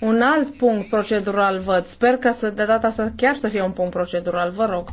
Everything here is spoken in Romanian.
Un alt punct procedural văd. Sper că de data asta chiar să fie un punct procedural. Vă rog.